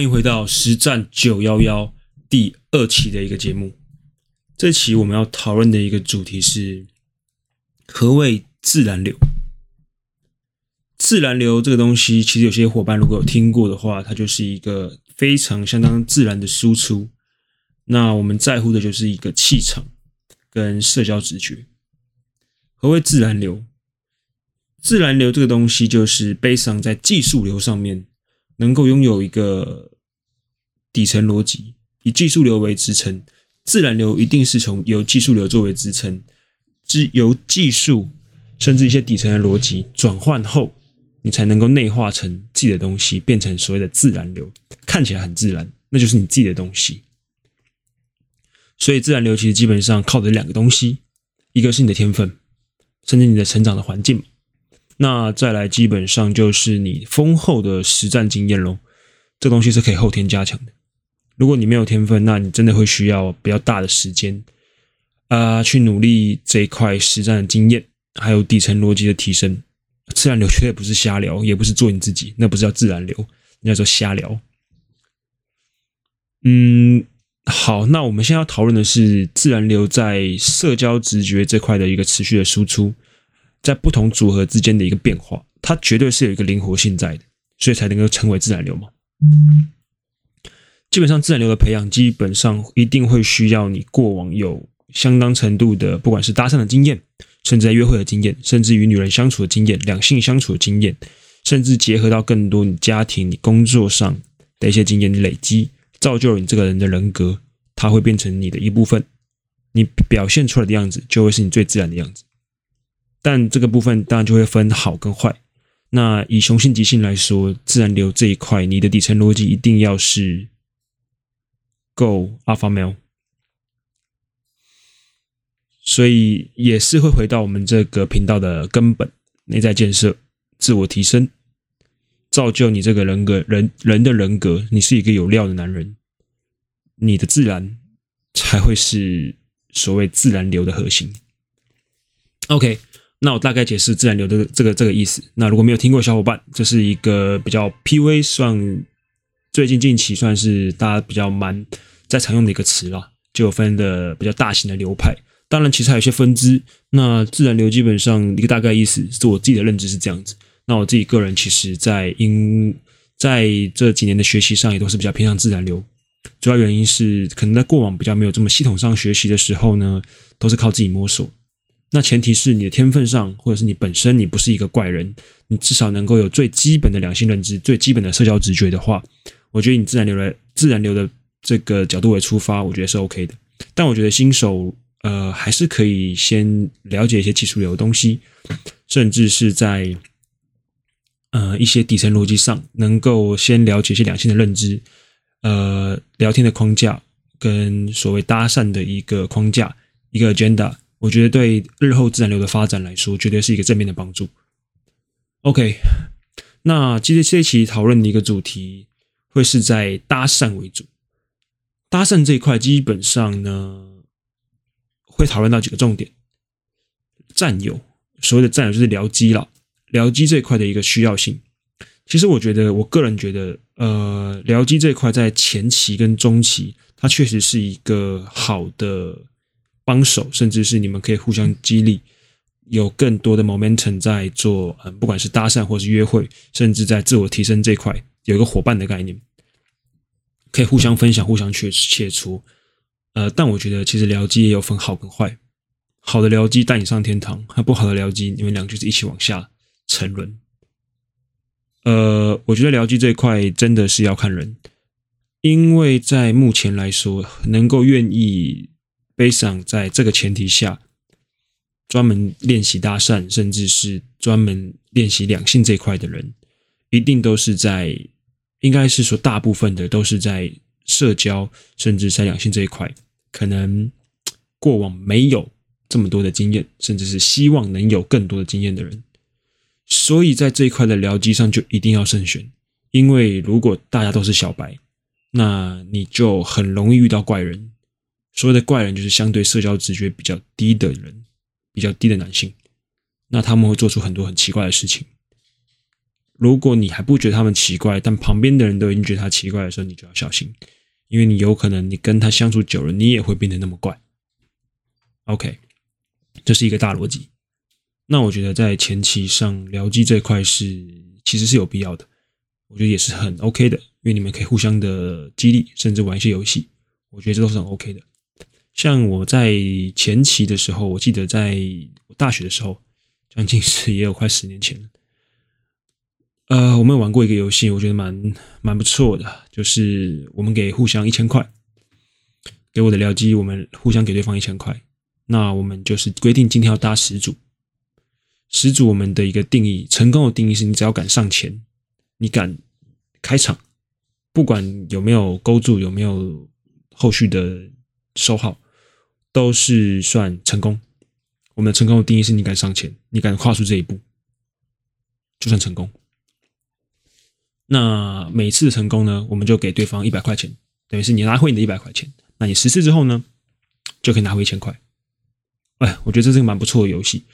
歡迎回到實戰九幺幺第二期的一個節目。這期我們要討論的一個主題是何謂自然流。自然流這個東西，其實有些夥伴如果有聽過的話，它就是一個非常相當自然的輸出。那我們在乎的就是一個氣場跟社交直覺。何謂自然流？自然流這個東西，就是 based on 在技術流上面。能夠擁有一個底層邏輯，以技術流為支撐，自然流一定是從由技術流作為支撐，是由技術甚至一些底層的邏輯轉換後，你才能夠內化成自己的東西，變成所謂的自然流。看起來很自然，那就是你自己的東西。所以，自然流其實基本上靠的兩個東西，一個是你的天分，甚至你的成長的環境。那再來，基本上就是你豐厚的實戰經驗嘍，這東西是可以後天加強的。如果你沒有天分，那你真的會需要比較大的時間啊、呃，去努力這一塊實戰經驗，還有底層邏輯的提升。自然流絕對不是瞎聊，也不是做你自己，那不是叫自然流，那叫做瞎聊。嗯，好，那我們現在要討論的是自然流在社交直覺這塊的一個持續的輸出，在不同組合之間的一個變化，它絕對是有一個靈活性在的，所以才能夠成為自然流嘛。嗯、基本上，自然流的培養，基本上一定會需要你過往有相當程度的，不管是搭訕的經驗，甚至在約會的經驗，甚至與女人相處的經驗，兩性相處的經驗，甚至結合到更多你家庭、你工作上的一些經驗累積，造就了你這個人的人格，它會變成你的一部分。你表現出來的樣子，就會是你最自然的樣子。但這個部分當然就會分好跟壞。那以雄性極性來說，自然流這一塊，你的底層邏輯一定要是夠 Alpha male。所以也是會回到我們這個頻道的根本內在建設、自我提升，造就你這個人格、人人的人格。你是一個有料的男人，你的自然才會是所謂自然流的核心。OK。那我大概解釋自然流的這個、這個、這個意思。那如果沒有聽過小伙伴，這、就是一個比較 PUA 算最近近期算是大家比較蠻在常用的一個詞了，就分的比較大型的流派。當然，其實還有一些分支。那自然流基本上一個大概意思，是我自己的認知是這樣子。那我自己個人其實在因，在英在這幾年的學習上也都是比較偏向自然流，主要原因是可能在過往比較沒有這麼系統上學習的時候呢，都是靠自己摸索。那前提是你的天分上，或者是你本身你不是一個怪人，你至少能夠有最基本的兩性認知、最基本的社交直覺的話，我覺得你自然流的自然流的這個角度來出發，我覺得是 OK 的。但我覺得新手呃還是可以先了解一些技術流的東西，甚至是在呃一些底層邏輯上能夠先了解一些兩性的認知，呃聊天的框架跟所謂搭訕的一個框架一個 agenda。我覺得對日後自然流的發展來說，絕對是一個正面的幫助。OK，那今天這一期討論的一個主題會是在搭訕為主。搭訕這一塊，基本上呢，會討論到幾個重點：戰友，所謂的戰友就是僚機了，僚機這一塊的一個需要性。其實我覺得，我個人覺得，呃，僚機這一塊在前期跟中期，它確實是一個好的。幫手，甚至是你們可以互相激勵，有更多的 momentum 在做，嗯，不管是搭訕或是約會，甚至在自我提升這塊有一個夥伴的概念，可以互相分享、互相去切磋。呃，但我覺得其實僚機也有分好跟壞，好的僚機帶你上天堂，和不好的僚機你們兩個就是一起往下沉淪。呃，我覺得僚機這一塊真的是要看人，因為在目前來說，能夠願意。非常在這個前提下，專門練習搭訕，甚至是專門練習兩性這一塊的人，一定都是在，應該是說大部分的都是在社交，甚至在兩性這一塊，可能過往沒有這麼多的經驗，甚至是希望能有更多的經驗的人，所以在這一塊的僚機上就一定要慎選，因為如果大家都是小白，那你就很容易遇到怪人。所謂的怪人就是相對社交直覺比較低的人，比較低的男性，那他們會做出很多很奇怪的事情。如果你還不覺得他們奇怪，但旁邊的人都已經覺得他奇怪的時候，你就要小心，因為你有可能你跟他相處久了，你也會變得那麼怪。OK，這是一個大邏輯。那我覺得在前期上僚機這塊是其實是有必要的，我覺得也是很 OK 的，因為你們可以互相的激勵，甚至玩一些遊戲，我覺得這都是很 OK 的。像我在前期的時候，我記得在我大學的時候，將近是也有快十年前了。呃，我們玩過一個遊戲，我覺得蠻蠻不錯的，就是我們給互相一千塊，給我的僚機，我們互相給對方一千塊。那我們就是規定今天要搭十組，十組我們的一個定義成功的定義是你只要敢上前，你敢開場，不管有沒有勾住，有沒有後續的收號。都是算成功。我們的成功的定義是你敢上前，你敢跨出這一步，就算成功。那每次成功呢，我們就給對方一百塊錢，等於是你拿回你的一百塊錢。那你十次之後呢，就可以拿回一千塊。哎，我覺得這是個蠻不錯的遊戲，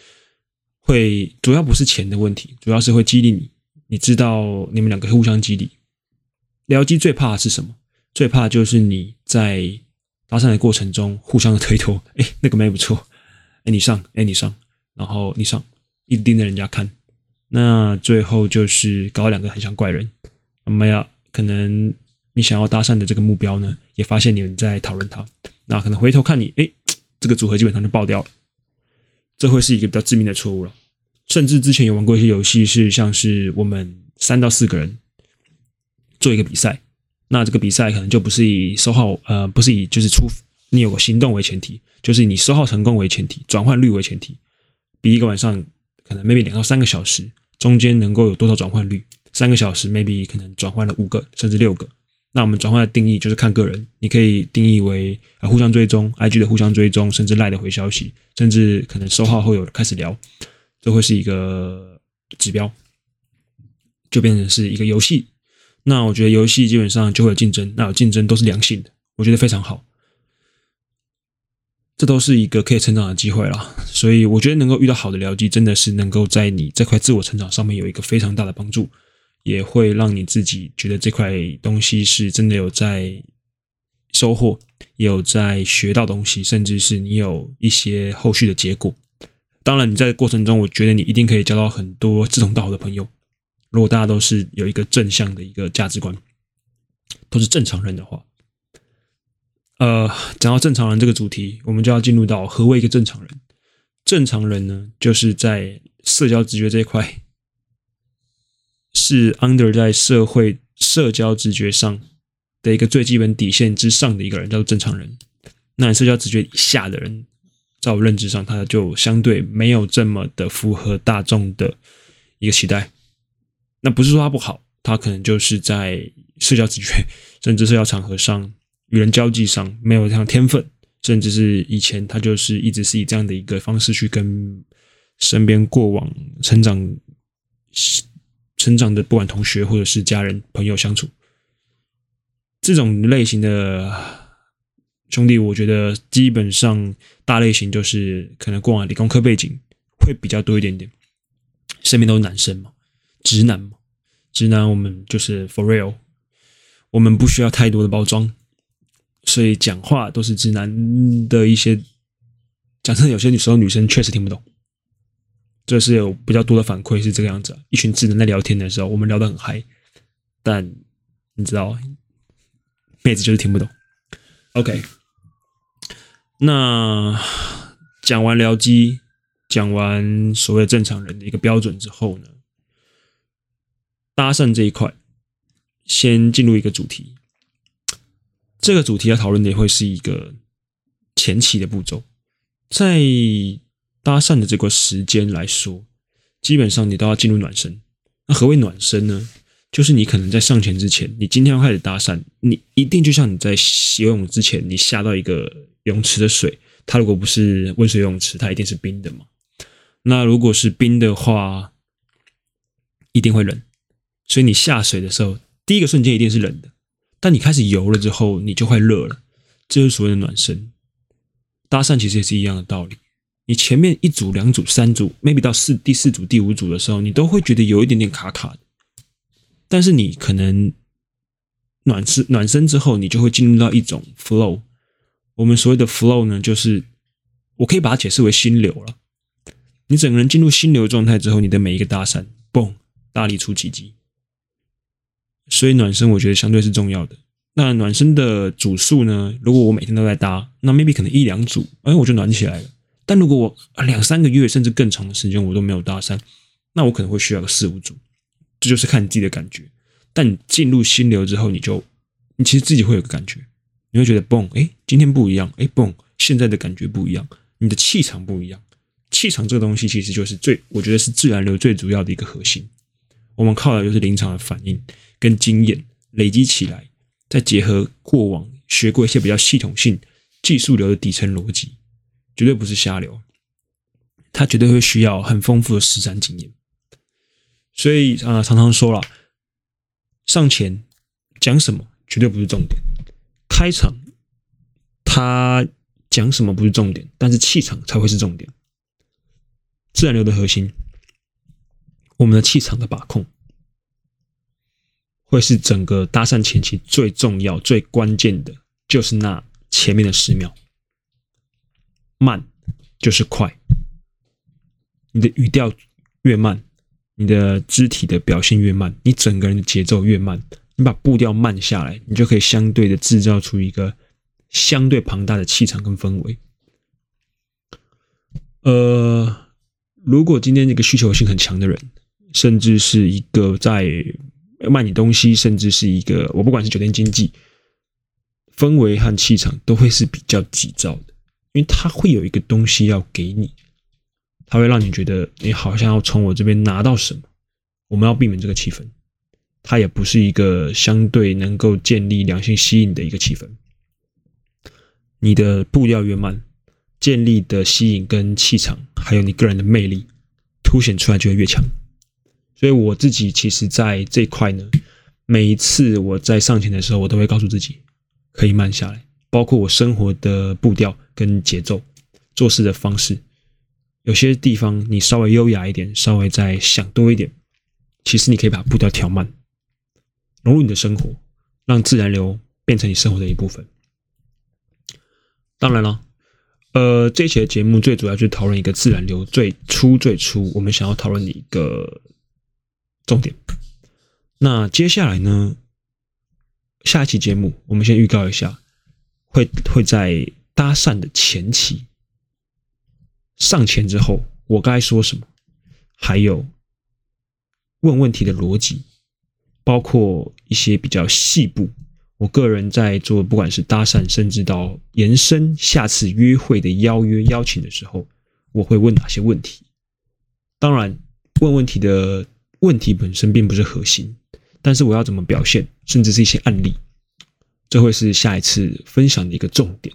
會主要不是錢的問題，主要是會激勵你。你知道，你們兩個互相激勵。僚機最怕的是什麼？最怕的就是你在，搭訕的過程中，互相的推脫，哎，那個妹不錯，哎，你上，哎，你上，然後你上，一直盯着人家看，那最後就是搞兩個很像怪人，沒、啊、有，可能你想要搭訕的這個目標呢，也發現你們在討論他，那可能回頭看你，哎，這個組合基本上就爆掉了，這會是一個比較致命的錯誤了，甚至之前有玩過一些遊戲，是像是我們三到四個人做一個比賽。那這個比賽可能就不是以收號，呃，不是以就是出你有個行動為前提，就是以你收號成功為前提，轉換率為前提。比一個晚上可能 maybe 兩到三個小時，中間能夠有多少轉換率？三個小時 maybe 可能轉換了五個，甚至六個。那我們轉換的定義就是看個人，你可以定義為啊互相追蹤，IG 的互相追蹤，甚至賴的回消息，甚至可能收號後有開始聊，這會是一個指標，就變成是一個遊戲。那我覺得遊戲基本上就會有競爭，那有競爭都是良性的，我覺得非常好。這都是一個可以成長的機會啦，所以我覺得能夠遇到好的僚機，真的是能夠在你這塊自我成長上面有一個非常大的幫助，也會讓你自己覺得這塊東西是真的有在收穫，也有在學到東西，甚至是你有一些後續的結果。當然你在過程中，我覺得你一定可以交到很多志同道合的朋友。如果大家都是有一個正向的一個價值觀，都是正常人的話，呃，講到正常人這個主題，我們就要進入到何為一個正常人。正常人呢，就是在社交直覺這一塊，是 under 在社會社交直覺上的一個最基本底線之上的一個人，叫做正常人。那社交直覺以下的人，在我認知上，他就相對沒有這麼的符合大眾的一個期待。那不是說他不好，他可能就是在社交直覺，甚至社交場合上、與人交際上沒有這樣的天分，甚至是以前他就是一直是以這樣的一個方式去跟身邊過往成長、成長的不管同學或者是家人朋友相處。這種類型的兄弟，我覺得基本上大類型就是可能過往理工科背景會比較多一點點，身邊都是男生嘛。直男嘛，直男我們就是 for real，我們不需要太多的包裝，所以講話都是直男的一些，講真的，有些時候女生確實聽不懂，這、就是有比較多的反饋是這個樣子。一群直男在聊天的時候，我們聊得很嗨，但你知道，妹子就是聽不懂。OK，那講完僚機，講完所謂正常人的一個標準之後呢？搭訕這一塊，先進入一個主題。這個主題要討論的也會是一個前期的步驟。在搭訕的這個時間來說，基本上你都要進入暖身。那何為暖身呢？就是你可能在上前之前，你今天要開始搭訕，你一定就像你在游泳之前，你下到一個泳池的水，它如果不是溫水游泳池，它一定是冰的嘛。那如果是冰的話，一定會冷。所以你下水的時候，第一個瞬間一定是冷的，但你開始游了之後，你就快熱了，這就是所謂的暖身。搭訕其實也是一樣的道理，你前面一組、兩組、三組，maybe 到四、第四組、第五組的時候，你都會覺得有一點點卡卡的，但是你可能暖身暖身之後，你就會進入到一種 flow。我們所謂的 flow 呢，就是我可以把它解釋為心流了。你整個人進入心流狀態之後，你的每一個搭訕，嘣，大力出奇蹟。所以暖身我覺得相對是重要的。那暖身的組數呢？如果我每天都在搭，那 maybe 可能一兩組，哎，我就暖起來了。但如果我啊、兩三個月甚至更長的時間我都沒有搭訕，那我可能會需要個四五組。這就是看你自己的感覺。但你進入心流之後，你就你其實自己會有個感覺，你會覺得嘣，哎，今天不一樣，哎，嘣，現在的感覺不一樣，你的氣場不一樣。氣場這個東西其實就是最，我覺得是自然流最主要的一個核心。我們靠的就是臨場的反應。跟經驗累積起來，再結合過往學過一些比較系統性技術流的底層邏輯，絕對不是瞎聊。他絕對會需要很豐富的實戰經驗。所以啊，常常說了，上前講什麼絕對不是重點，開場他講什麼不是重點，但是氣場才會是重點。自然流的核心，我們的氣場的把控。會是整個搭訕前期最重要、最關鍵的就是那前面的十秒。慢就是快，你的語調越慢，你的肢體的表現越慢，你整個人的節奏越慢，你把步調慢下來，你就可以相對的製造出一個相對龐大的氣場跟氛圍。呃，如果今天這個需求性很強的人，甚至是一個在。賣你東西，甚至是一個我不管是酒店經濟，氛圍和氣場都會是比較急躁的，因為它會有一個東西要給你，它會讓你覺得你好像要從我這邊拿到什麼。我們要避免這個氣氛，它也不是一個相對能夠建立良性吸引的一個氣氛。你的步調越慢，建立的吸引跟氣場，還有你個人的魅力凸顯出來就會越強。所以我自己其實在這塊呢，每一次我在上前的時候，我都會告訴自己，可以慢下來，包括我生活的步調跟節奏，做事的方式，有些地方你稍微優雅一點，稍微再想多一點，其實你可以把步調調慢，融入你的生活，讓自然流變成你生活的一部分。當然了，呃，這期的節目最主要就是討論一個自然流，最初最初，我們想要討論的一個。重點。那接下來呢，下一期節目，我們先預告一下，會會在搭訕的前期、上前之後，我該說什麼，還有問問題的邏輯，包括一些比較細部。我個人在做，不管是搭訕，甚至到延伸下次約會的邀約邀請的時候，我會問哪些問題，當然，問問題的。問題本身並不是核心，但是我要怎麼表現，甚至是一些案例，這會是下一次分享的一個重點，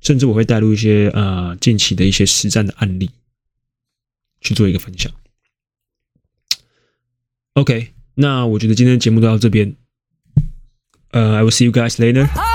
甚至我會帶入一些呃近期的一些實戰的案例去做一個分享。OK，那我覺得今天的節目就到這邊，呃、uh，I will see you guys later。